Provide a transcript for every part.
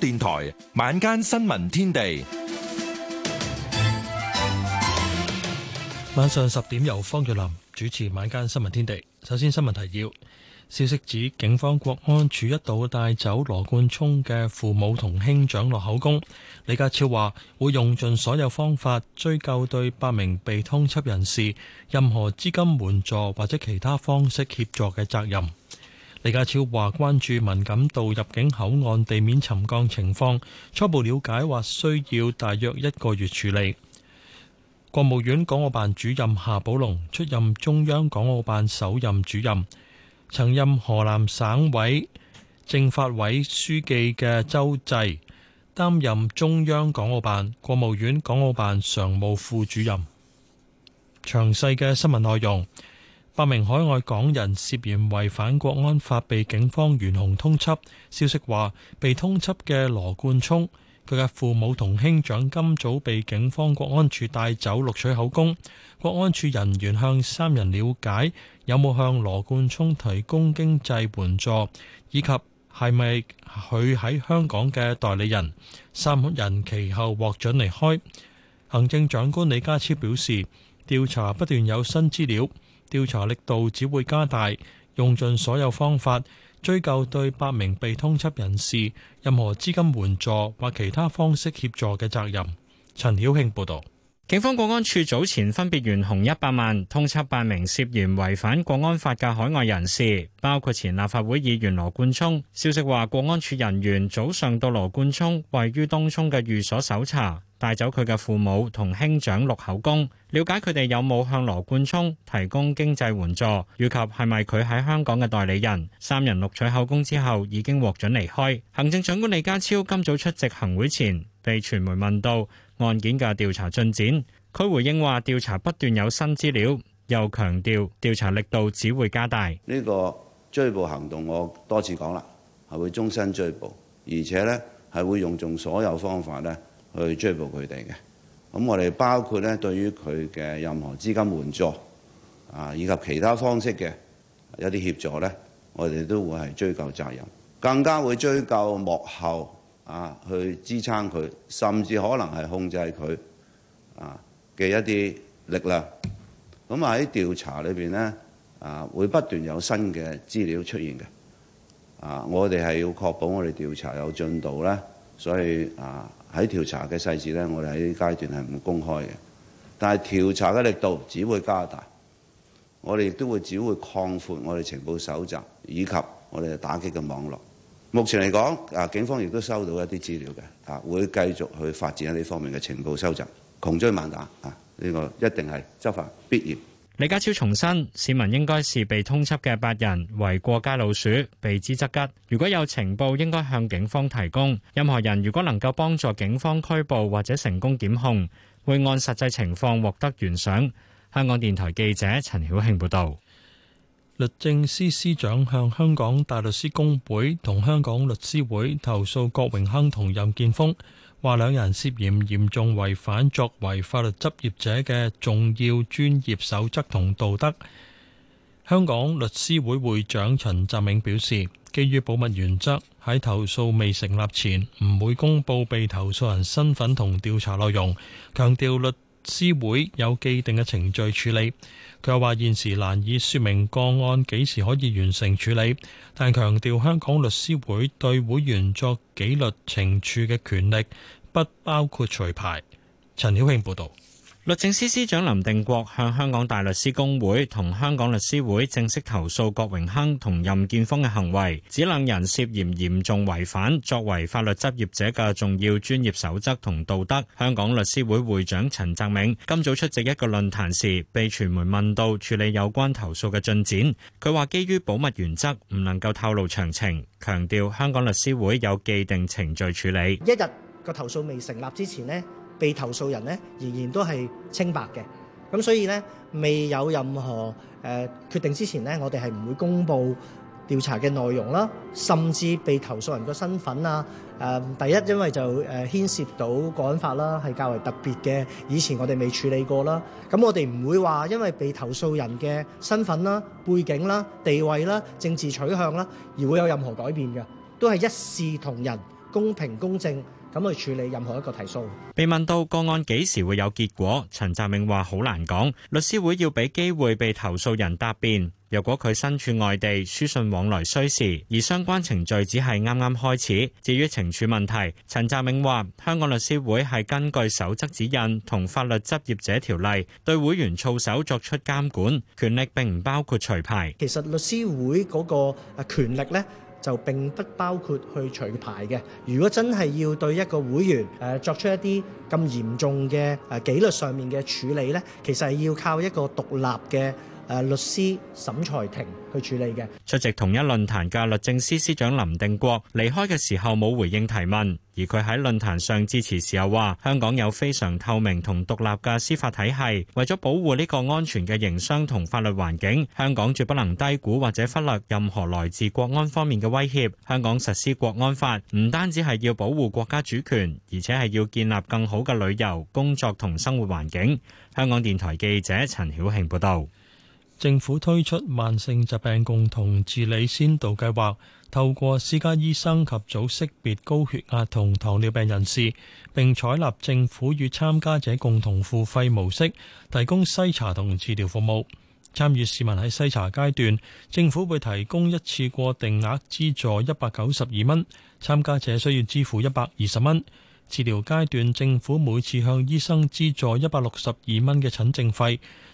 電台晚間新聞天地，晚上十點由方若林主持晚間新聞天地。首先新聞提要，消息指警方國安處一度帶走羅冠聰嘅父母同兄長落口供。李家超話會用盡所有方法追究對八名被通緝人士任何資金援助或者其他方式協助嘅責任。李家超話關注敏感度入境口岸地面沉降情況，初步了解或需要大約一個月處理。國務院港澳辦主任夏寶龍出任中央港澳辦首任主任，曾任河南省委政法委書記嘅周濟擔任中央港澳辦、國務院港澳辦常務副主任。詳細嘅新聞內容。八名海外港人涉嫌違反國安法被警方懸紅通緝。消息話，被通緝嘅羅冠聰，佢嘅父母同兄長今早被警方國安處帶走錄取口供。國安處人員向三人了解有冇向羅冠聰提供經濟援助，以及係咪佢喺香港嘅代理人。三人其後獲准離開。行政長官李家超表示，調查不斷有新資料。調查力度只會加大，用盡所有方法追究對八名被通緝人士任何資金援助或其他方式協助嘅責任。陳曉慶報導。警方國安處早前分別懸紅一百萬，通緝八名涉嫌違反國安法嘅海外人士，包括前立法會議員羅冠聰。消息話，國安處人員早上到羅冠聰位於東涌嘅寓所搜查。帶走佢嘅父母同兄長錄口供，了解佢哋有冇向羅冠聰提供經濟援助，以及係咪佢喺香港嘅代理人。三人錄取口供之後，已經獲准離開。行政長官李家超今早出席行會前，被傳媒問到案件嘅調查進展，佢回應話：調查不斷有新資料，又強調調查力度只會加大。呢個追捕行動，我多次講啦，係會終身追捕，而且呢係會用盡所有方法呢。去追捕佢哋嘅，咁我哋包括咧，對於佢嘅任何資金援助啊，以及其他方式嘅一啲協助咧，我哋都會係追究責任，更加會追究幕後啊，去支撐佢，甚至可能係控制佢啊嘅一啲力量。咁喺調查裏邊咧啊，會不斷有新嘅資料出現嘅啊，我哋係要確保我哋調查有進度咧，所以啊。喺調查嘅細節咧，我哋喺階段係唔公開嘅。但係調查嘅力度只會加大，我哋亦都會只會擴闊我哋情報搜集以及我哋打擊嘅網絡。目前嚟講，啊警方亦都收到一啲資料嘅，啊會繼續去發展呢方面嘅情報蒐集，窮追猛打啊！呢個一定係執法必嚴。李家超重申，市民應該視被通緝嘅八人為過街老鼠，避之則吉。如果有情報，應該向警方提供。任何人如果能夠幫助警方拘捕或者成功檢控，會按實際情況獲得懸賞。香港電台記者陳曉慶報導。律政司司長向香港大律師公會同香港律師會投訴郭榮鏗同任建峰。話兩人涉嫌嚴重違反作為法律執業者嘅重要專業守則同道德。香港律師會會長陳澤銘表示，基於保密原則，喺投訴未成立前，唔會公布被投訴人身份同調查內容，強調律師會有既定嘅程序處理，佢又話現時難以説明個案幾時可以完成處理，但強調香港律師會對會員作紀律懲處嘅權力不包括除牌。陳曉慶報導。律政司司長林定國向香港大律師公會同香港律師會正式投訴郭榮鏗同任建峰嘅行為指兩人涉嫌嚴重違反作為法律執業者嘅重要專業守則同道德香港律師會會長陳澤明今早出席一個論壇時被傳媒問到處理有關投訴嘅進展佢話基於保密原則唔能夠透露詳情強調香港律師會有既定程序處理一日個投訴未成立之前被投訴人咧仍然都係清白嘅，咁所以咧未有任何誒決定之前咧，我哋係唔會公佈調查嘅內容啦，甚至被投訴人嘅身份啊，誒第一因為就誒牽涉到國安法啦，係較為特別嘅，以前我哋未處理過啦，咁我哋唔會話因為被投訴人嘅身份啦、背景啦、地位啦、政治取向啦，而會有任何改變嘅，都係一視同仁、公平公正。咁去處理任何一個提訴。被問到個案幾時會有結果，陳澤明話好難講。律師會要俾機會被投訴人答辯。若果佢身處外地，書信往來需時。而相關程序只係啱啱開始。至於懲處問題，陳澤明話香港律師會係根據守則指引同法律執業者條例對會員操守作出監管，權力並唔包括除牌。其實律師會嗰個啊權力呢？就並不包括去除牌嘅。如果真係要對一個會員誒、呃、作出一啲咁嚴重嘅誒紀律上面嘅處理咧，其實係要靠一個獨立嘅。誒律師審裁庭去處理嘅。出席同一論壇嘅律政司司長林定國離開嘅時候冇回應提問，而佢喺論壇上致辭時又話：香港有非常透明同獨立嘅司法體系，為咗保護呢個安全嘅營商同法律環境，香港絕不能低估或者忽略任何來自國安方面嘅威脅。香港實施國安法唔單止係要保護國家主權，而且係要建立更好嘅旅遊、工作同生活環境。香港電台記者陳曉慶報道。政府推出慢性疾病共同治理先導計劃，透過私家醫生及早識別高血壓同糖尿病人士，並採納政府與參加者共同付費模式，提供篩查同治療服務。參與市民喺篩查階段，政府會提供一次過定額資助一百九十二蚊，參加者需要支付一百二十蚊。治療階段，政府每次向醫生資助一百六十二蚊嘅診症費。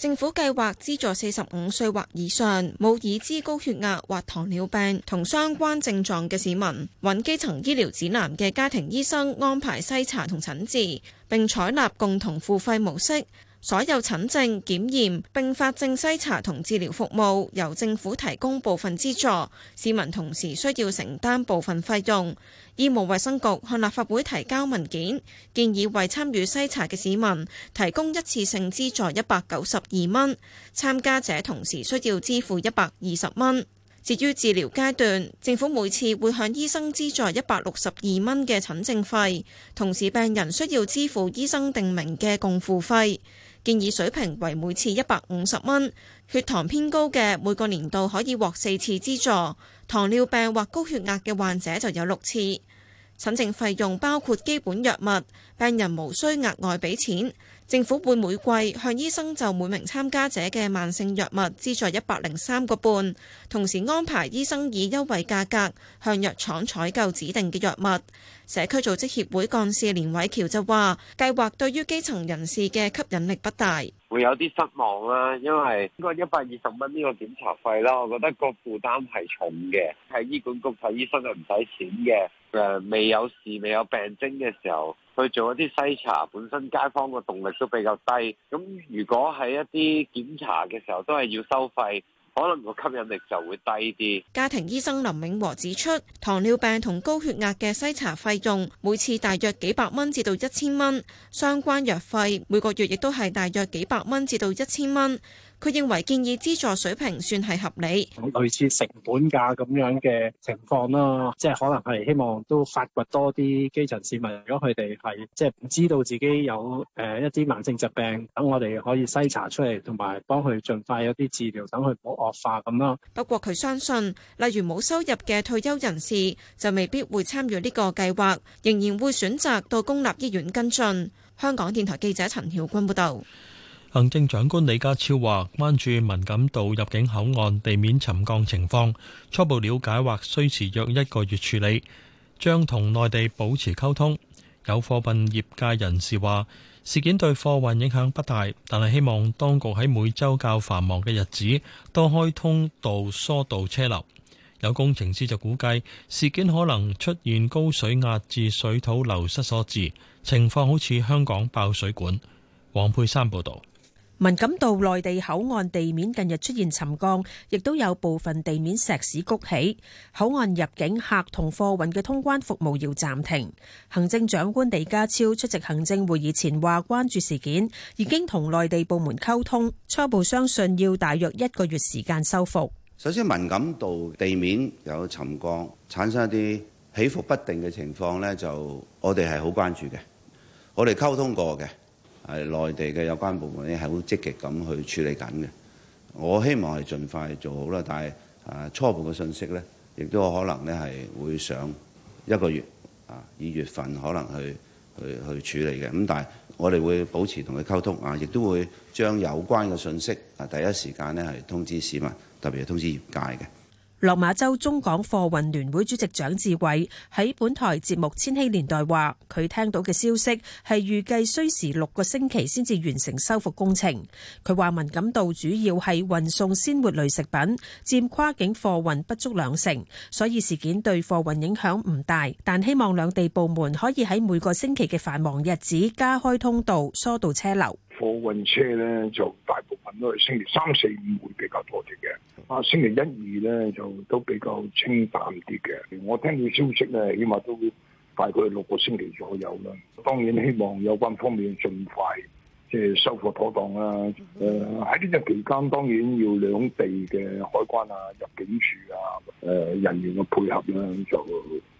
政府計劃資助四十五歲或以上冇已知高血壓或糖尿病同相關症狀嘅市民，搵基層醫療指南嘅家庭醫生安排篩查同診治，並採納共同付費模式。所有診症、檢驗、併發症篩查同治療服務由政府提供部分資助，市民同時需要承擔部分費用。醫務衛生局向立法會提交文件，建議為參與篩查嘅市民提供一次性資助一百九十二蚊，參加者同時需要支付一百二十蚊。至於治療階段，政府每次會向醫生資助一百六十二蚊嘅診症費，同時病人需要支付醫生定明嘅共付費。建議水平為每次一百五十蚊，血糖偏高嘅每個年度可以獲四次資助，糖尿病或高血壓嘅患者就有六次。診症費用包括基本藥物，病人無需額外畀錢。政府會每季向醫生就每名參加者嘅慢性藥物資助一百零三個半，同時安排醫生以優惠價格向藥廠採購指定嘅藥物。社區組織協會幹事連偉橋就話：計劃對於基層人士嘅吸引力不大，會有啲失望啦，因為呢個一百二十蚊呢個檢查費啦，我覺得個負擔係重嘅，喺醫管局睇醫生係唔使錢嘅。誒，未有事，未有病徵嘅時候去做一啲篩查，本身街坊嘅動力都比較低。咁如果係一啲檢查嘅時候都係要收費，可能個吸引力就會低啲。家庭醫生林永和指出，糖尿病同高血壓嘅篩查費用每次大約幾百蚊至到一千蚊，相關藥費每個月亦都係大約幾百蚊至到一千蚊。佢認為建議資助水平算係合理，類似成本價咁樣嘅情況啦，即係可能係希望都發掘多啲基層市民，如果佢哋係即係唔知道自己有誒一啲慢性疾病，等我哋可以篩查出嚟，同埋幫佢盡快有啲治療，等佢唔好惡化咁啦。不過佢相信，例如冇收入嘅退休人士就未必會參與呢個計劃，仍然會選擇到公立醫院跟進。香港電台記者陳曉君報導。行政長官李家超話：關注文錦渡入境口岸地面沉降情況，初步了解或需時約一個月處理，將同內地保持溝通。有貨運業界人士話：事件對貨運影響不大，但係希望當局喺每週較繁忙嘅日子多開通道疏導車流。有工程師就估計事件可能出現高水壓致水土流失所致，情況好似香港爆水管。黃佩珊報導。文錦道內地口岸地面近日出現沉降，亦都有部分地面石屎谷起，口岸入境客同貨運嘅通關服務要暫停。行政長官李家超出席行政會議前話，關注事件，已經同內地部門溝通，初步相信要大約一個月時間修復。首先，文錦道地面有沉降，產生一啲起伏不定嘅情況呢，就我哋係好關注嘅，我哋溝通過嘅。係內地嘅有關部門咧，係好積極咁去處理緊嘅，我希望係盡快做好啦。但係啊，初步嘅信息呢，亦都有可能咧，係會上一個月啊，二月份可能去去去處理嘅。咁但係我哋會保持同佢溝通啊，亦都會將有關嘅信息啊第一時間咧，係通知市民，特別係通知業界嘅。落馬洲中港貨運聯會主席蔣志偉喺本台節目《千禧年代》話：佢聽到嘅消息係預計需時六個星期先至完成修復工程。佢話：敏感度主要係運送鮮活類食品，佔跨境貨運不足兩成，所以事件對貨運影響唔大。但希望兩地部門可以喺每個星期嘅繁忙日子加開通道，疏導車流。貨運車呢就大部分都係星期三四五會比較多啲。啊，星期一、二咧就都比較清淡啲嘅。我聽到消息咧，起碼都大概六個星期左右啦。當然希望有關方面盡快即係修復妥當啦、啊。誒喺呢段期間，當然要兩地嘅海關啊、入境處啊、誒、呃、人員嘅配合啦、啊，就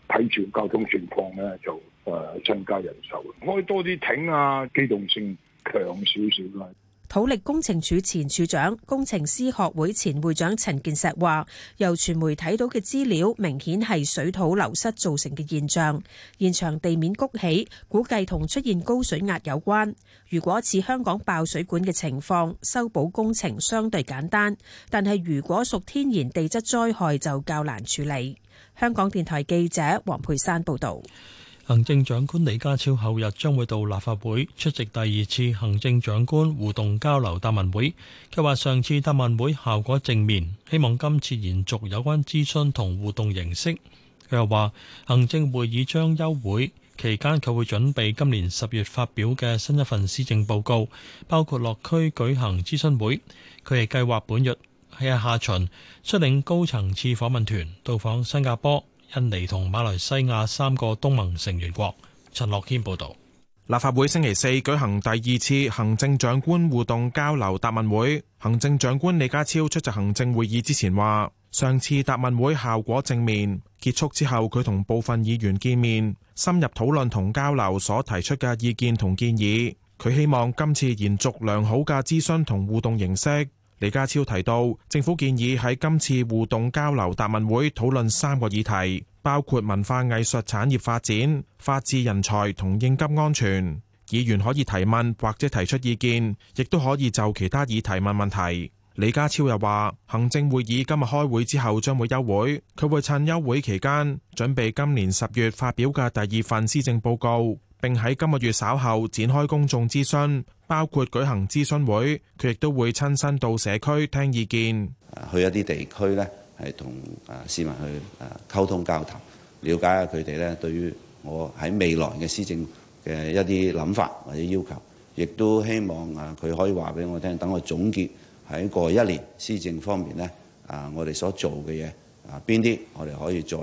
睇住交通情況咧、啊，就誒、啊、增加人手，開多啲艇啊，機動性強少少啦。土力工程署前署長、工程師學會前會長陳建石話，由傳媒睇到嘅資料，明顯係水土流失造成嘅現象，現場地面谷起，估計同出現高水壓有關。如果似香港爆水管嘅情況，修補工程相對簡單，但係如果屬天然地質災害就較難處理。香港電台記者黃佩珊報道。行政長官李家超後日將會到立法會出席第二次行政長官互動交流答問會，佢話上次答問會效果正面，希望今次延續有關諮詢同互動形式。佢又話行政會議將休會期間，佢會準備今年十月發表嘅新一份施政報告，包括落區舉行諮詢會。佢亦計劃本月喺日下旬率領高層次訪問團到訪新加坡。印尼同馬來西亞三個東盟成員國。陳樂謙報道。立法會星期四舉行第二次行政長官互動交流答問會。行政長官李家超出席行政會議之前話，上次答問會效果正面，結束之後佢同部分議員見面，深入討論同交流所提出嘅意見同建議。佢希望今次延續良好嘅諮詢同互動形式。李家超提到，政府建議喺今次互動交流答問會討論三個議題，包括文化藝術產業發展、法治人才同應急安全。議員可以提問或者提出意見，亦都可以就其他議題問問題。李家超又話，行政會議今日開會之後將會休會，佢會趁休會期間準備今年十月發表嘅第二份施政報告。並喺今個月稍後展開公眾諮詢，包括舉行諮詢會，佢亦都會親身到社區聽意見。去一啲地區呢，係同啊市民去啊溝通交談，了解下佢哋呢對於我喺未來嘅施政嘅一啲諗法或者要求，亦都希望啊佢可以話俾我聽，等我總結喺過一年施政方面呢，啊，我哋所做嘅嘢啊，邊啲我哋可以再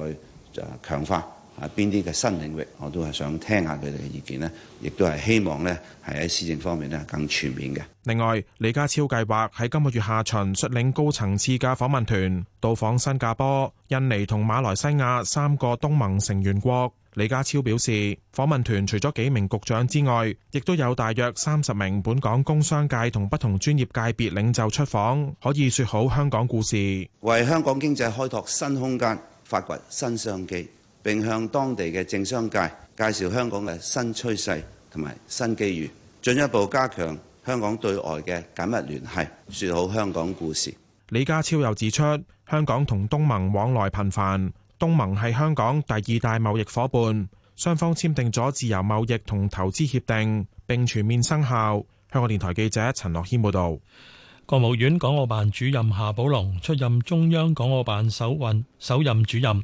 啊強化。啊！邊啲嘅新領域，我都係想聽下佢哋嘅意見呢，亦都係希望呢，係喺施政方面呢更全面嘅。另外，李家超計劃喺今個月下旬率領高層次嘅訪問團到訪新加坡、印尼同馬來西亞三個東盟成員國。李家超表示，訪問團除咗幾名局長之外，亦都有大約三十名本港工商界同不同專業界別領袖出訪，可以說好香港故事，為香港經濟開拓新空間、發掘新商機。並向當地嘅政商界介紹香港嘅新趨勢同埋新機遇，進一步加強香港對外嘅緊密聯繫，説好香港故事。李家超又指出，香港同東盟往來頻繁，東盟係香港第二大貿易伙伴，雙方簽訂咗自由貿易同投資協定，並全面生效。香港電台記者陳樂軒報導。國務院港澳辦主任夏寶龍出任中央港澳辦首運首任主任。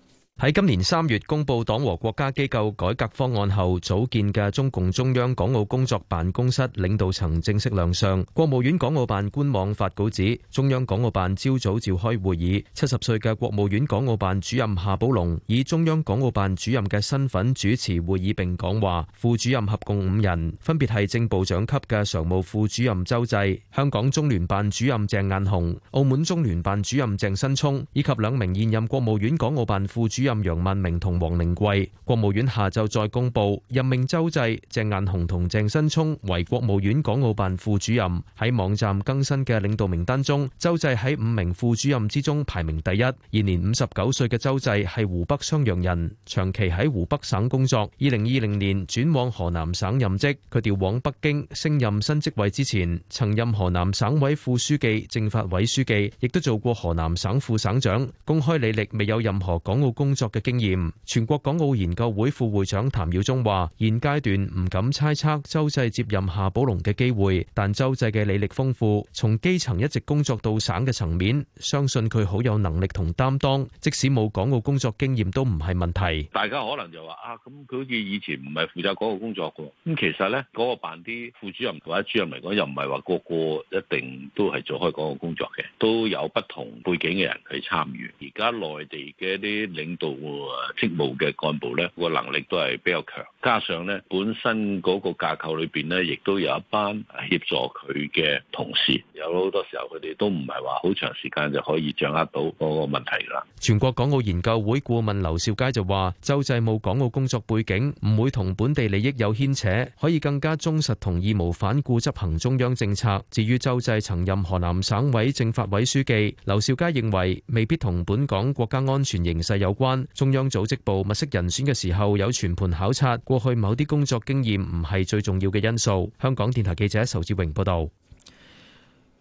喺今年三月公布黨和國家機構改革方案後組建嘅中共中央港澳工作辦公室領導層正式亮相。國務院港澳辦官網發稿指，中央港澳辦朝早召開會議，七十歲嘅國務院港澳辦主任夏寶龍以中央港澳辦主任嘅身份主持會議並講話。副主任合共五人，分別係正部長級嘅常務副主任周濟、香港中聯辦主任鄭雁雄、澳門中聯辦主任鄭新聰，以及兩名現任國務院港澳辦副主任。任楊萬明同王寧貴，國務院下晝再公布任命周濟、鄭雁雄同鄭新聰為國務院港澳辦副主任。喺網站更新嘅領導名單中，周濟喺五名副主任之中排名第一。現年五十九歲嘅周濟係湖北襄陽人，長期喺湖北省工作。二零二零年轉往河南省任職，佢調往北京升任新職位之前，曾任河南省委副書記、政法委書記，亦都做過河南省副省長。公開履歷未有任何港澳工作作嘅經驗，全國港澳研究會副會長譚耀宗話：現階段唔敢猜測周濟接任夏寶龍嘅機會，但周濟嘅履歷豐富，從基層一直工作到省嘅層面，相信佢好有能力同擔當。即使冇港澳工作經驗都唔係問題。大家可能就話啊，咁佢好似以前唔係負責港澳工作嘅，咁其實呢，嗰個辦啲副主任或者主任嚟講，又唔係話個個一定都係做開港澳工作嘅，都有不同背景嘅人去參與。而家內地嘅一啲領到職務嘅幹部呢，個能力都係比較強，加上呢本身嗰個架構裏邊呢，亦都有一班協助佢嘅同事，有好多時候佢哋都唔係話好長時間就可以掌握到嗰個問題啦。全國港澳研究會顧問劉少佳就話，周濟冇港澳工作背景唔會同本地利益有牽扯，可以更加忠實同義無反顧執行中央政策。至於周濟曾任河南省委政法委書記，劉少佳認為未必同本港國家安全形勢有關。中央組織部物色人選嘅時候，有全盤考察，過去某啲工作經驗唔係最重要嘅因素。香港電台記者仇志榮報道，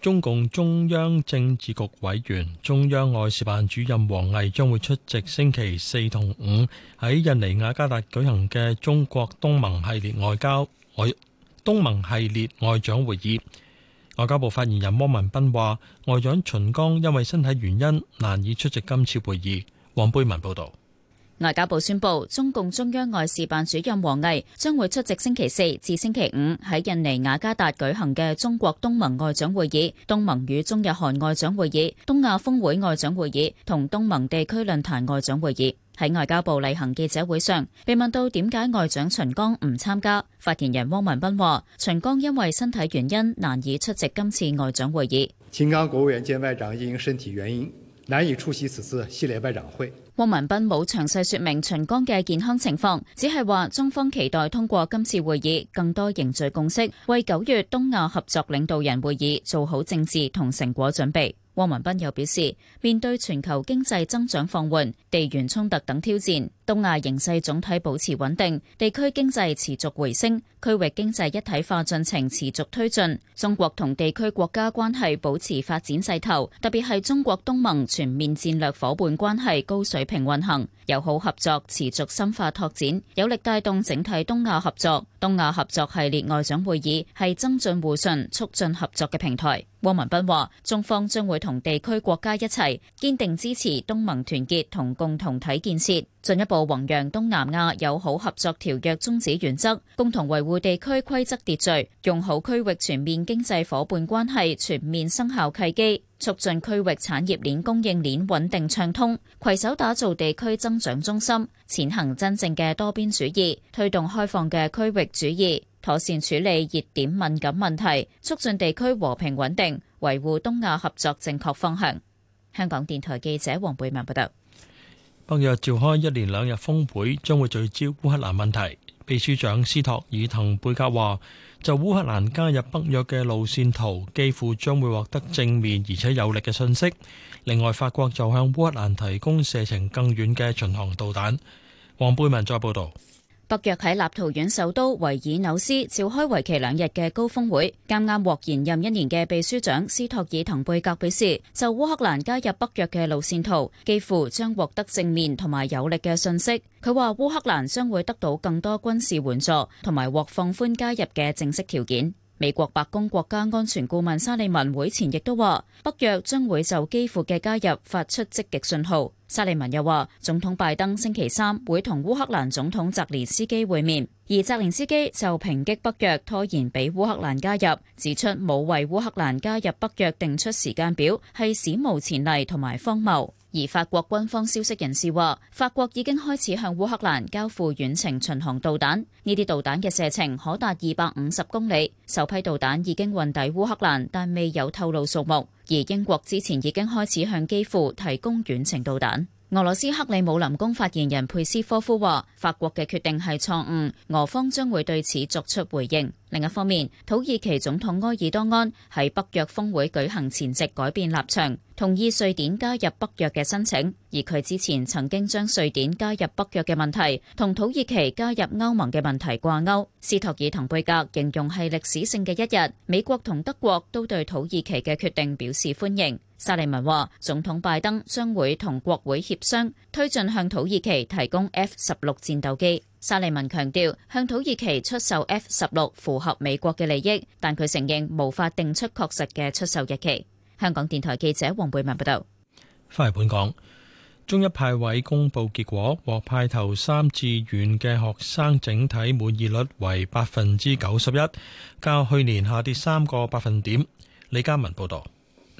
中共中央政治局委員、中央外事辦主任王毅將會出席星期四同五喺印尼雅加達舉行嘅中國東盟系列外交外東盟系列外長會議。外交部發言人汪文斌話，外長秦剛因為身體原因難以出席今次會議。黃貝文報道，外交部宣布，中共中央外事辦主任王毅將會出席星期四至星期五喺印尼雅加達舉行嘅中國東盟外長會議、東盟與中日韓外長會議、東亞峰會外長會議同東盟地區論壇外長會議。喺外交部例行記者會上，被問到點解外長秦剛唔參加，發言人汪文斌話，秦剛因為身體原因難以出席今次外長會議。秦剛國務委員兼外長因身體原因。難以出席此次系列外長會，汪文斌冇詳細說明秦剛嘅健康情況，只係話中方期待通過今次會議更多凝聚共識，為九月東亞合作領導人會議做好政治同成果準備，汪文斌又表示，面對全球經濟增長放緩、地緣衝突等挑戰。東亞形勢總體保持穩定，地區經濟持續回升，區域經濟一體化進程持續推進。中國同地區國家關係保持發展勢頭，特別係中國東盟全面戰略夥伴關係高水平運行，友好合作持續深化拓展，有力帶動整體東亞合作。東亞合作系列外長會議係增進互信、促進合作嘅平台。汪文斌話：中方將會同地區國家一齊，堅定支持東盟團結同共同體建設，進一步。弘揚東南亞友好合作條約宗旨原則，共同維護地區規則秩序，用好區域全面經濟夥伴關係全面生效契機，促進區域產業鏈供應鏈穩定暢通，攜手打造地區增長中心，踐行真正嘅多邊主義，推動開放嘅區域主義，妥善處理熱點敏感問題，促進地區和平穩定，維護東亞合作正確方向。香港電台記者黃貝文報道。北約召開一連兩日峰會，將會聚焦烏克蘭問題。秘書長斯托爾滕貝格話，就烏克蘭加入北約嘅路線圖，幾乎將會獲得正面而且有力嘅信息。另外，法國就向烏克蘭提供射程更遠嘅巡航導彈。黃貝文再報道。北約喺立陶宛首都維爾紐斯召開為期兩日嘅高峰會，啱啱獲延任一年嘅秘書長斯托爾滕貝格表示，就烏克蘭加入北約嘅路線圖，幾乎將獲得正面同埋有力嘅信息。佢話烏克蘭將會得到更多軍事援助，同埋獲放寬加入嘅正式條件。美國白宮國家安全顧問沙利文會前亦都話，北約將會就基輔嘅加入發出積極信號。沙利文又話，總統拜登星期三會同烏克蘭總統澤連斯基會面，而澤連斯基就抨擊北約拖延俾烏克蘭加入，指出冇為烏克蘭加入北約定出時間表，係史無前例同埋荒謬。而法國軍方消息人士話，法國已經開始向烏克蘭交付遠程巡航導彈，呢啲導彈嘅射程可達二百五十公里。首批導彈已經運抵烏克蘭，但未有透露數目。而英國之前已經開始向基輔提供遠程導彈。俄羅斯克里姆林宮發言人佩斯科夫話：法國嘅決定係錯誤，俄方將會對此作出回應。另一方面，土耳其總統埃爾多安喺北約峰會舉行前夕改變立場，同意瑞典加入北約嘅申請。而佢之前曾經將瑞典加入北約嘅問題同土耳其加入歐盟嘅問題掛鈎。斯托爾滕貝格形容係歷史性嘅一日。美國同德國都對土耳其嘅決定表示歡迎。沙利文話：總統拜登將會同國會協商，推進向土耳其提供 F 十六戰鬥機。沙利文強調，向土耳其出售 F 十六符合美國嘅利益，但佢承認無法定出確實嘅出售日期。香港電台記者黃貝文報道。翻嚟本港，中一派位公布結果，獲派頭三志願嘅學生整體滿意率為百分之九十一，較去年下跌三個百分點。李家文報道。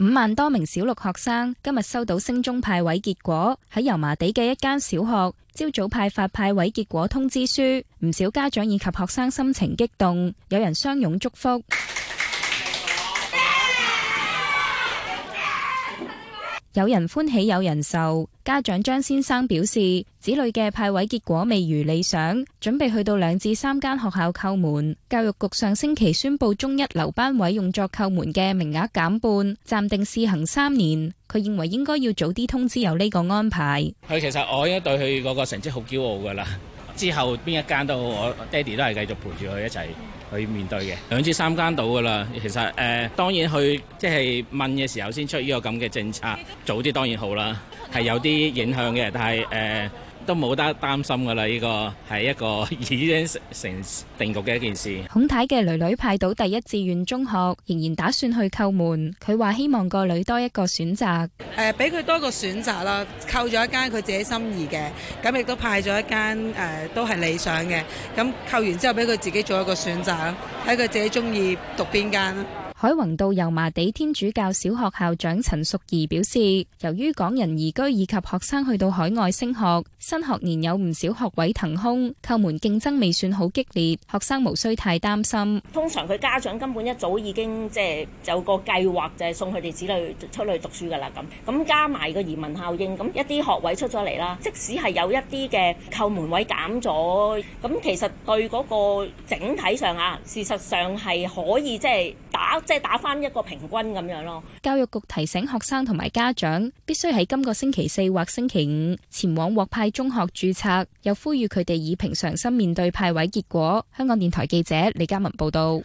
五萬多名小六學生今日收到升中派位結果，喺油麻地嘅一間小學，朝早派發派位結果通知書，唔少家長以及學生心情激動，有人相擁祝福。有人歡喜有人愁。家長張先生表示，子女嘅派位結果未如理想，準備去到兩至三間學校叩門。教育局上星期宣布，中一留班位用作叩門嘅名額減半，暫定試行三年。佢認為應該要早啲通知有呢個安排。佢其實我應該對佢嗰個成績好驕傲噶啦。之後邊一間都好，我爹哋都係繼續陪住佢一齊。去面對嘅兩至三間到㗎啦，其實誒、呃、當然去即係問嘅時候先出呢個咁嘅政策，早啲當然好啦，係有啲影響嘅，但係誒。呃都冇得擔心噶啦，呢、這個係一個已經成，成定局嘅一件事。孔太嘅女女派到第一志願中學，仍然打算去扣門。佢話希望個女多一個選擇，誒俾佢多個選擇啦。扣咗一間佢自己心儀嘅，咁亦、呃、都派咗一間誒都係理想嘅。咁扣完之後，俾佢自己做一個選擇，睇佢自己中意讀邊間。海泓道油麻地天主教小學校長陳淑儀表示，由於港人移居以及學生去到海外升學，新學年有唔少學位騰空，扣門競爭未算好激烈，學生無需太擔心。通常佢家長根本一早已經即係有個計劃，就係送佢哋子女出去讀書噶啦。咁咁加埋個移民效應，咁一啲學位出咗嚟啦。即使係有一啲嘅扣門位減咗，咁其實對嗰個整體上啊，事實上係可以即係。打即係、就是、打翻一個平均咁樣咯。教育局提醒學生同埋家長必須喺今個星期四或星期五前往獲派中學註冊，又呼籲佢哋以平常心面對派位結果。香港電台記者李嘉文報道。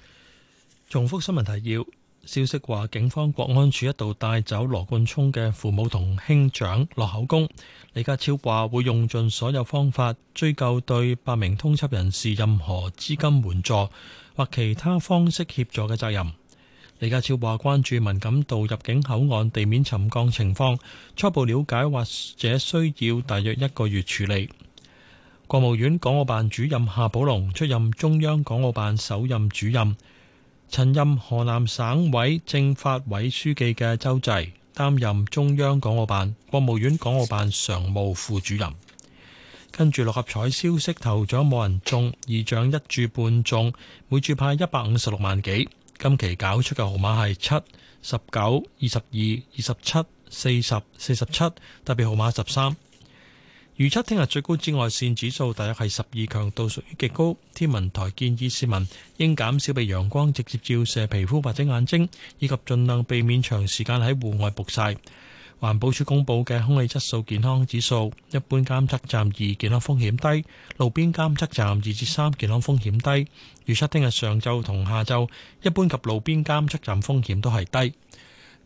重複新聞提要，消息話警方國安處一度帶走羅冠聰嘅父母同兄長落口供。李家超話會用盡所有方法追究對八名通緝人士任何資金援助，或其他方式協助嘅責任。李家超話關注文錦渡入境口岸地面沉降情況，初步了解或者需要大約一個月處理。國務院港澳辦主任夏寶龍出任中央港澳辦首任主任。曾任河南省委政法委書記嘅周濟擔任中央港澳辦、國務院港澳辦常務副主任。跟住六合彩消息，頭獎冇人中，二獎一注半中，每注派一百五十六萬幾。今期搞出嘅號碼係七、十九、二十二、二十七、四十、四十七，特別號碼十三。預測聽日最高紫外線指數大約係十二，強度屬於極高。天文台建議市民應減少被陽光直接照射皮膚或者眼睛，以及盡量避免長時間喺戶外曝晒。環保署公布嘅空氣質素健康指數，一般監測站二，健康風險低；路邊監測站二至三，3, 健康風險低。預測聽日上晝同下晝，一般及路邊監測站風險都係低。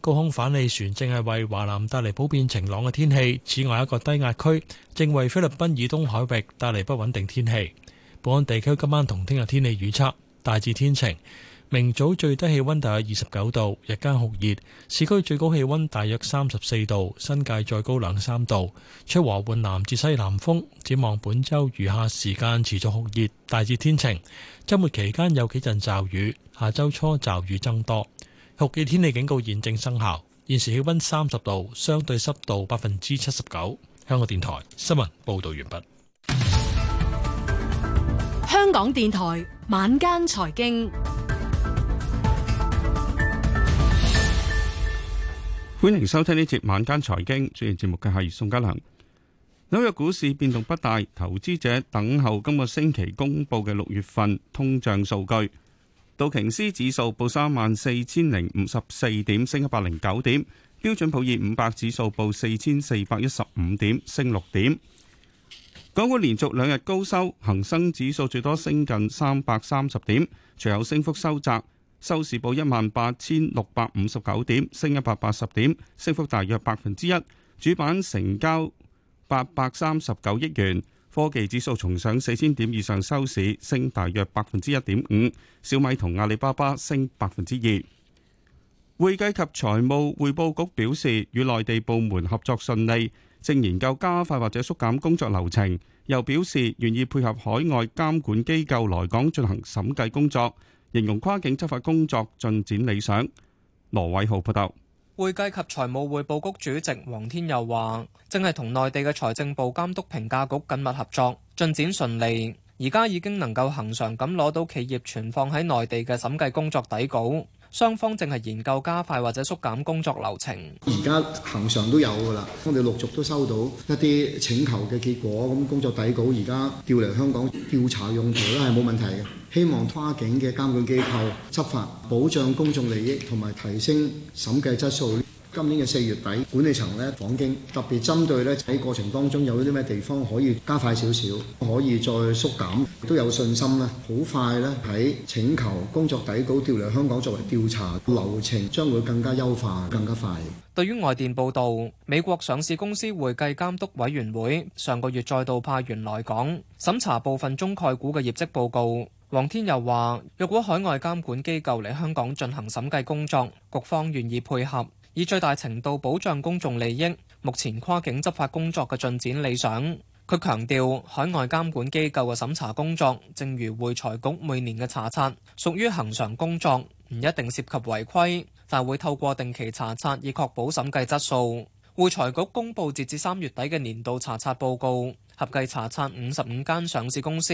高空反氣旋正係為華南帶嚟普遍晴朗嘅天氣，此外一個低壓區正為菲律賓以東海域帶嚟不穩定天氣。本港地區今晚同聽日天氣預測大致天晴。明早最低氣温大約二十九度，日間酷熱，市區最高氣温大約三十四度，新界再高兩三度。吹和緩南至西南風，展望本週餘下時間持續酷熱，大致天晴。周末期間有幾陣驟雨，下周初驟雨增多。酷熱天氣警告現正生效，現時氣温三十度，相對濕度百分之七十九。香港電台新聞報導完畢。香港電台晚間財經。歡迎收聽呢節晚間財經，主持節目嘅係宋家良。紐約股市變動不大，投資者等候今個星期公布嘅六月份通脹數據。道瓊斯指數報三萬四千零五十四點，升一百零九點；標準普爾五百指數報四千四百一十五點，升六點。港股連續兩日高收，恒生指數最多升近三百三十點，隨後升幅收窄。收市報一萬八千六百五十九點，升一百八十點，升幅大約百分之一。主板成交八百三十九億元。科技指數重上四千點以上，收市升大約百分之一點五。小米同阿里巴巴升百分之二。會計及財務匯報局表示，與內地部門合作順利，正研究加快或者縮減工作流程，又表示願意配合海外監管機構來港進行審計工作。形容跨境執法工作進展理想。羅偉浩報道，會計及財務匯報局主席黃天佑話，正係同內地嘅財政部監督評價局緊密合作，進展順利，而家已經能夠恒常咁攞到企業存放喺內地嘅審計工作底稿。雙方正係研究加快或者縮減工作流程。而家恆常都有㗎啦，我哋陸續都收到一啲請求嘅結果，咁工作底稿而家調嚟香港調查用途咧係冇問題嘅。希望跨境嘅監管機構執法，保障公眾利益同埋提升審計質素。今年嘅四月底，管理層呢訪京，特別針對呢喺過程當中有啲咩地方可以加快少少，可以再縮減，都有信心呢。好快呢，喺請求工作底稿調嚟香港作為調查流程，將會更加優化，更加快。對於外電報道，美國上市公司會計監督，監督委員會上個月再度派員來港審查部分中概股嘅業績報告。黃天佑話：若果海外監管機構嚟香港進行審計工作，局方願意配合。以最大程度保障公眾利益，目前跨境執法工作嘅進展理想。佢強調，海外監管機構嘅審查工作，正如會財局每年嘅查冊屬於恆常工作，唔一定涉及違規，但會透過定期查冊以確保審計質素。會財局公布截至三月底嘅年度查冊報告，合計查冊五十五間上市公司，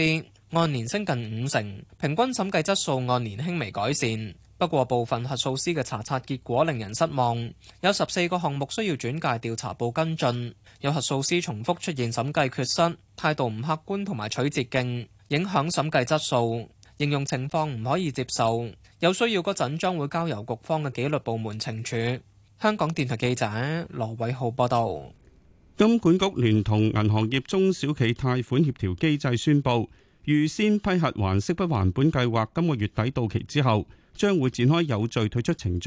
按年升近五成，平均審計質素按年輕微改善。不過部分核數師嘅查察結果令人失望，有十四個項目需要轉介調查部跟進。有核數師重複出現審計缺失，態度唔客觀同埋取捷徑，影響審計質素，形容情況唔可以接受。有需要嗰陣將會交由局方嘅紀律部門懲處。香港電台記者羅偉浩報道。金管局聯同銀行業中小企貸款協調機制宣布，預先批核還息不還本計劃，今個月底到期之後，將會展開有序退出程序，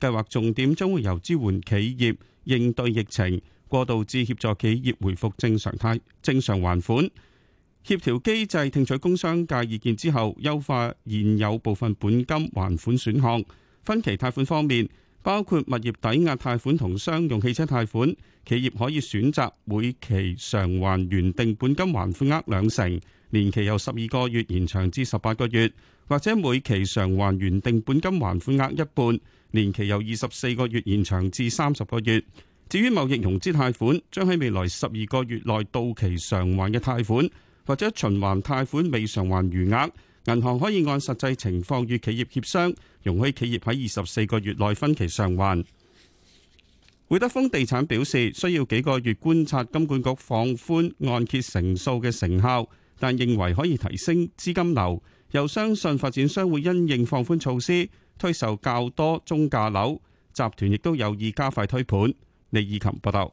計劃重點將會由支援企業應對疫情，過渡至協助企業回復正常貸、正常還款協調機制，聽取工商界意見之後，優化現有部分本金還款選項。分期貸款方面，包括物業抵押貸款同商用汽車貸款，企業可以選擇每期償還原定本金還款額兩成，年期由十二個月延長至十八個月。或者每期償還原定本金還款額，額一半，年期由二十四個月延長至三十個月。至於貿易融資貸款，將喺未來十二個月內到期償還嘅貸款或者循環貸款未償還餘額，銀行可以按實際情況與企業協商，容許企業喺二十四個月內分期償還。會德豐地產表示，需要幾個月觀察金管局放寬按揭成數嘅成效，但認為可以提升資金流。又相信發展商會因應放寬措施，推售較多中價樓，集團亦都有意加快推盤。李以琴報道。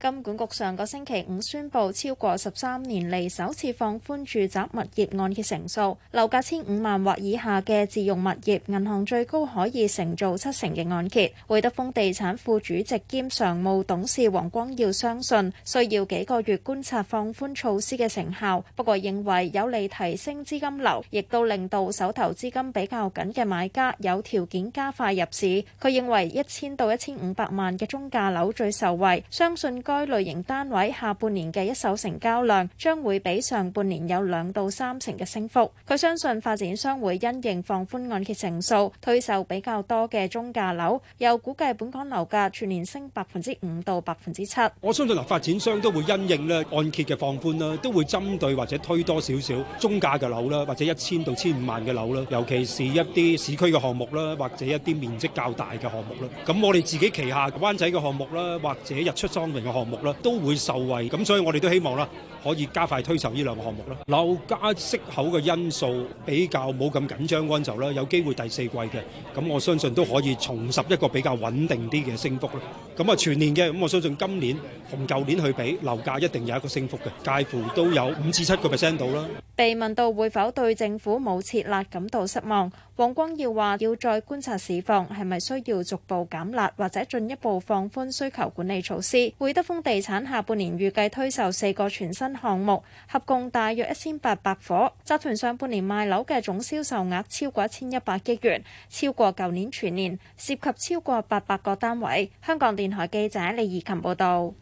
金管局上個星期五宣布，超過十三年嚟首次放寬住宅物業按揭成數，樓價千五萬或以下嘅自用物業，銀行最高可以承造七成嘅按揭。會德豐地產副主席兼常務董事黃光耀相信，需要幾個月觀察放寬措施嘅成效，不過認為有利提升資金流，亦都令到手頭資金比較緊嘅買家有條件加快入市。佢認為一千到一千五百萬嘅中價樓最受惠，相信，該類型單位下半年嘅一手成交量將會比上半年有兩到三成嘅升幅。佢相信發展商會因應放寬按揭成數，推售比較多嘅中價樓。又估計本港樓價全年升百分之五到百分之七。我相信嗱發展商都會因應咧按揭嘅放寬啦，都會針對或者推多少少中價嘅樓啦，或者一千到千五萬嘅樓啦，尤其是一啲市區嘅項目啦，或者一啲面積較大嘅項目啦。咁我哋自己旗下灣仔嘅項目啦，或者日出康城嘅項項目啦，都會受惠，咁，所以我哋都希望啦，可以加快推售呢兩個項目啦。樓價息口嘅因素比較冇咁緊張，穩就啦，有機會第四季嘅咁，我相信都可以重拾一個比較穩定啲嘅升幅啦。咁啊，全年嘅咁，我相信今年同舊年去比樓價一定有一個升幅嘅，介乎都有五至七個 percent 度啦。被問到會否對政府冇設立感到失望？王光耀話要再觀察市況，係咪需要逐步減辣或者進一步放寬需求管理措施。會德豐地產下半年預計推售四個全新項目，合共大約一千八百伙。集團上半年賣樓嘅總銷售額超過一千一百億元，超過舊年全年，涉及超過八百個單位。香港電台記者李怡琴報道。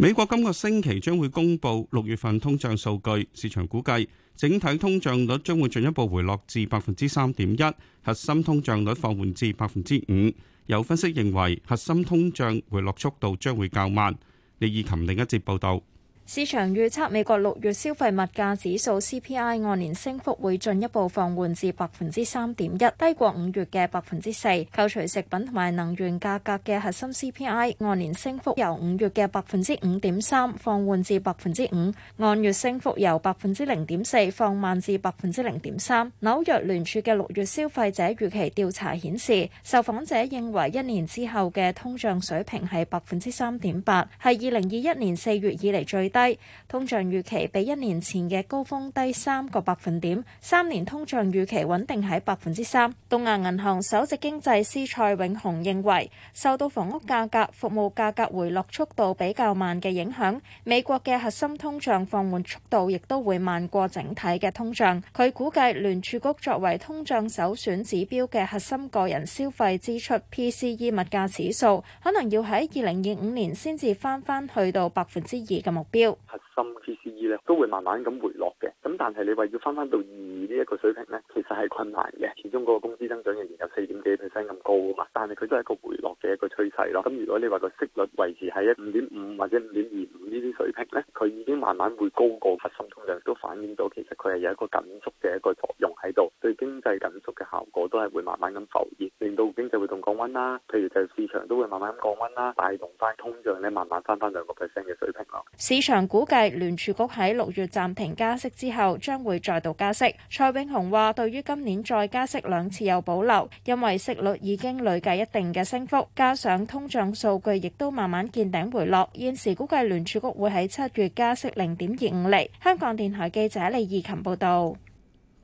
美國今個星期將會公布六月份通脹數據，市場估計整體通脹率將會進一步回落至百分之三點一，核心通脹率放緩至百分之五。有分析認為，核心通脹回落速度將會較慢。李以琴另一節報道。市場預測美國六月消費物價指數 CPI 按年升幅會進一步放緩至百分之三點一，低過五月嘅百分之四。扣除食品同埋能源價格嘅核心 CPI 按年升幅由五月嘅百分之五點三放緩至百分之五，按月升幅由百分之零點四放慢至百分之零點三。紐約聯儲嘅六月消費者預期調查顯示，受訪者認為一年之後嘅通脹水平係百分之三點八，係二零二一年四月以嚟最低。低通脹預期比一年前嘅高峰低三個百分點，三年通脹預期穩定喺百分之三。東亞銀行首席經濟師蔡永雄認為，受到房屋價格、服務價格回落速度比較慢嘅影響，美國嘅核心通脹放緩速度亦都會慢過整體嘅通脹。佢估計聯儲局作為通脹首選指標嘅核心個人消費支出 PCE 物價指數，可能要喺二零二五年先至翻翻去到百分之二嘅目標。核心 PCE 咧都會慢慢咁回落嘅，咁但係你話要翻翻到二呢一個水平咧，其實係困難嘅。始終嗰個工資增長仍然有四點幾 percent 咁高啊嘛，但係佢都係一個回落嘅一個趨勢咯。咁如果你話個息率維持喺一五點五或者五點二五呢啲水平咧，佢已經慢慢會高過核心通脹，都反映到其實佢係有一個緊縮嘅一個作用喺度，對經濟緊。效果都係會慢慢咁浮現，令到經濟活動降溫啦。譬如就市場都會慢慢咁降溫啦，帶動翻通脹咧，慢慢翻翻兩個 percent 嘅水平咯。市場估計聯儲局喺六月暫停加息之後將會再度加息。蔡永雄話對於今年再加息兩次有保留，因為息率已經累計一定嘅升幅，加上通脹數據亦都慢慢見頂回落。現時估計聯儲局會喺七月加息零點二五厘。香港電台記者李義琴報道。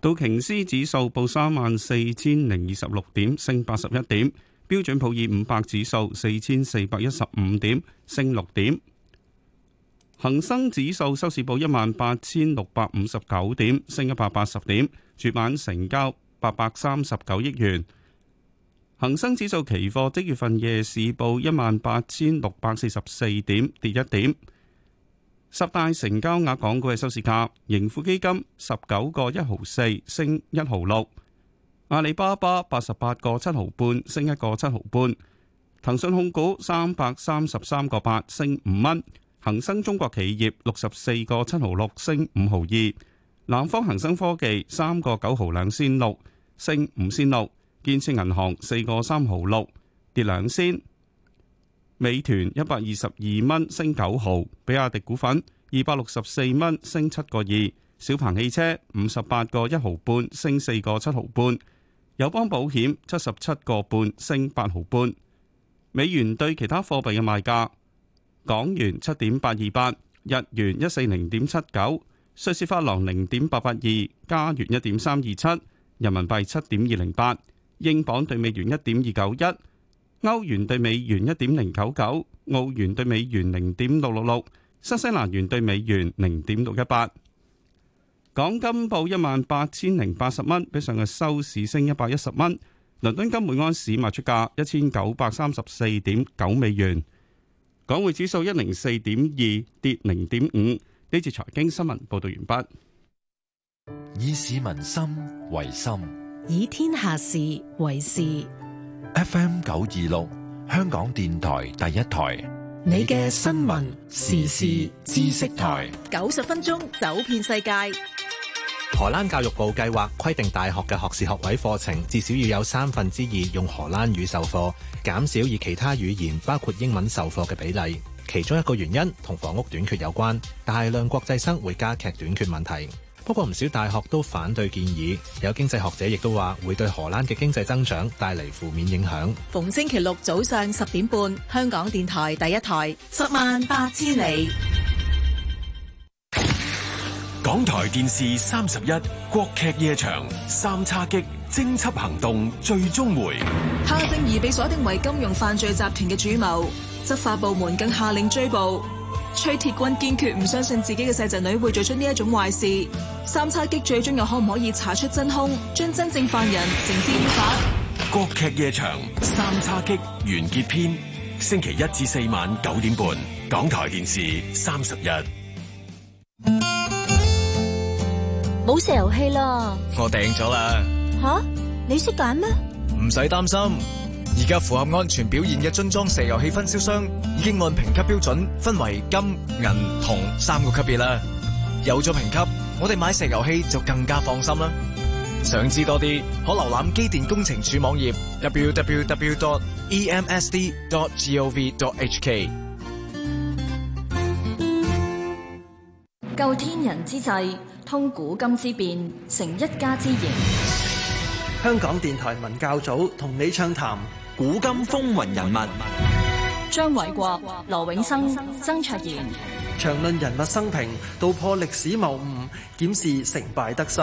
道瓊斯指數報三萬四千零二十六點，升八十一點；標準普爾五百指數四千四百一十五點，升六點；恒生指數收市報一萬八千六百五十九點，升一百八十點；主板成交八百三十九億元。恒生指數期貨即月份夜市報一萬八千六百四十四點，跌一點。十大成交額港股嘅收市價，盈富基金十九個一毫四升一毫六，阿里巴巴八十八個七毫半升一個七毫半，騰訊控股三百三十三個八升五蚊，恒生中國企業六十四個七毫六升五毫二，南方恒生科技三個九毫兩仙六升五仙六，建設銀行四個三毫六跌兩仙。美團一百二十二蚊升九毫，比亞迪股份二百六十四蚊升七個二，小鵬汽車五十八個一毫半升四個七毫半，友邦保險七十七個半升八毫半。美元對其他貨幣嘅賣價：港元七點八二八，日元一四零點七九，瑞士法郎零點八八二，加元一點三二七，人民幣七點二零八，英鎊兌美元一點二九一。歐元對美元一點零九九，澳元對美元零點六六六，新西蘭元對美元零點六一八。港金報一萬八千零八十蚊，比上日收市升一百一十蚊。倫敦金每安士賣出價一千九百三十四點九美元。港匯指數一零四點二，跌零點五。呢次財經新聞報道完畢。以市民心為心，以天下事為事。FM 九二六，香港電台第一台，你嘅新聞時事知識台，九十分鐘走遍世界。荷蘭教育部計劃規定，大學嘅學士學位課程至少要有三分之二用荷蘭語授課，減少以其他語言，包括英文授課嘅比例。其中一個原因同房屋短缺有關，大量國際生會加劇短缺問題。不過唔少大學都反對建議，有經濟學者亦都話會對荷蘭嘅經濟增長帶嚟負面影響。逢星期六早上十點半，香港電台第一台，十萬八千里。港台電視三十一，國劇夜場，三叉戟，偵緝行動最終回。夏正義被鎖定為金融犯罪集團嘅主謀，執法部門更下令追捕。崔鐵軍堅決唔相信自己嘅細侄女會做出呢一種壞事。三叉戟最終又可唔可以查出真凶，將真正犯人繩之以法？國劇夜場《三叉戟》完結篇，星期一至四晚九點半，港台電視三十日。冇石油氣啦！我訂咗啦。吓、啊，你識揀咩？唔使擔心。而家符合安全表現嘅樽裝石油氣分銷商已經按評級標準分為金、銀、銅三個級別啦。有咗評級，我哋買石油氣就更加放心啦。想知多啲，可瀏覽機電工程署網頁 www.emsd.gov.hk。究天人之際，通古今之變，成一家之言。香港電台文教組同你暢談。古今風雲人物，張偉國、羅永生、曾卓賢，詳論人物生平，道破歷史謬誤，檢視成敗得失。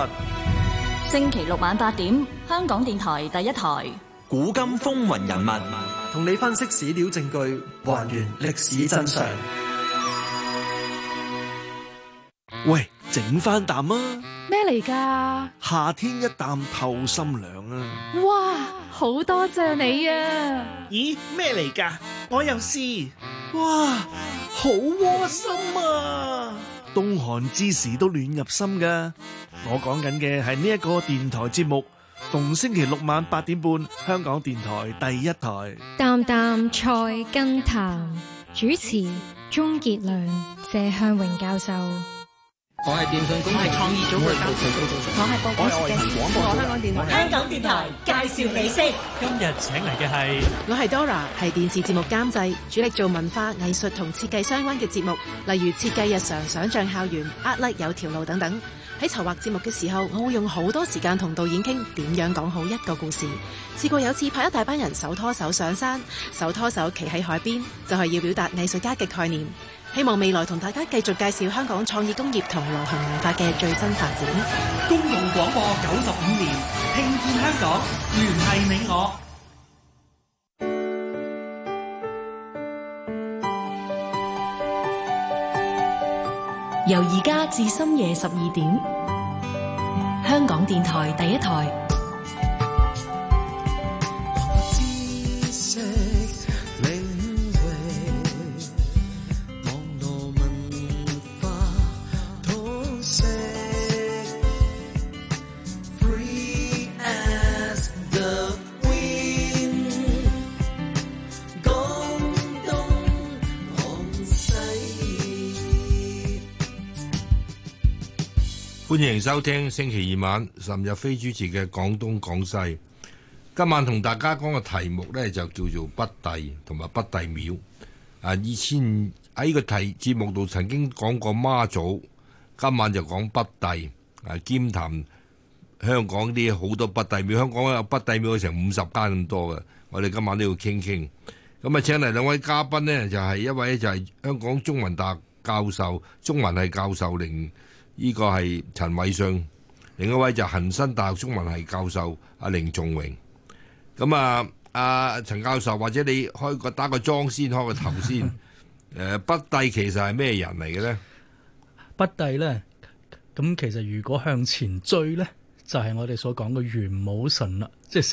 星期六晚八點，香港電台第一台《古今風雲人物》，同你分析史料證據，還原歷史真相。喂，整翻啖啊！咩嚟噶？夏天一啖透心涼啊！哇！好多謝你啊！咦，咩嚟噶？我又試，哇，好窩心啊！冬寒之時都暖入心噶。我講緊嘅係呢一個電台節目，逢星期六晚八點半，香港電台第一台。淡淡菜根譚，主持鍾杰良、謝向榮教授。我係電信公司創意組嘅監製，我係播音嘅廣播香港電台香港電台介紹美先。今日請嚟嘅係我係 Dora，係電視節目監製，主力做文化、藝術同設計相關嘅節目，例如設計日常、想象校園、厄勒、like、有條路等等。喺籌劃節目嘅時候，我會用好多時間同導演傾點樣講好一個故事。試過有次派一大班人手拖手上山，手拖手企喺海邊，就係、是、要表達藝術家嘅概念。希望未來同大家繼續介紹香港創意工業同流行文化嘅最新發展。公共廣播九十五年，聽見香港，聯繫你我。由而家至深夜十二點，香港電台第一台。歡迎收聽星期二晚，岑日非主持嘅廣東廣西。今晚同大家講嘅題目呢，就叫做北帝同埋北帝廟。啊，以前喺個題節目度曾經講過媽祖，今晚就講北帝。啊，兼談香港啲好多北帝廟，香港有北帝廟成五十間咁多嘅。我哋今晚都要傾傾。咁啊，請嚟兩位嘉賓呢，就係、是、一位就係香港中文大學教授，中文係教授，零。呢個係陳偉尚，另一位就恒生大學中文系教授阿凌仲榮。咁啊，阿、啊、陳教授或者你開個打個樁先，開個頭先。誒， 北帝其實係咩人嚟嘅呢？北帝呢？咁其實如果向前追呢，就係、是、我哋所講嘅玄武神啦，即係。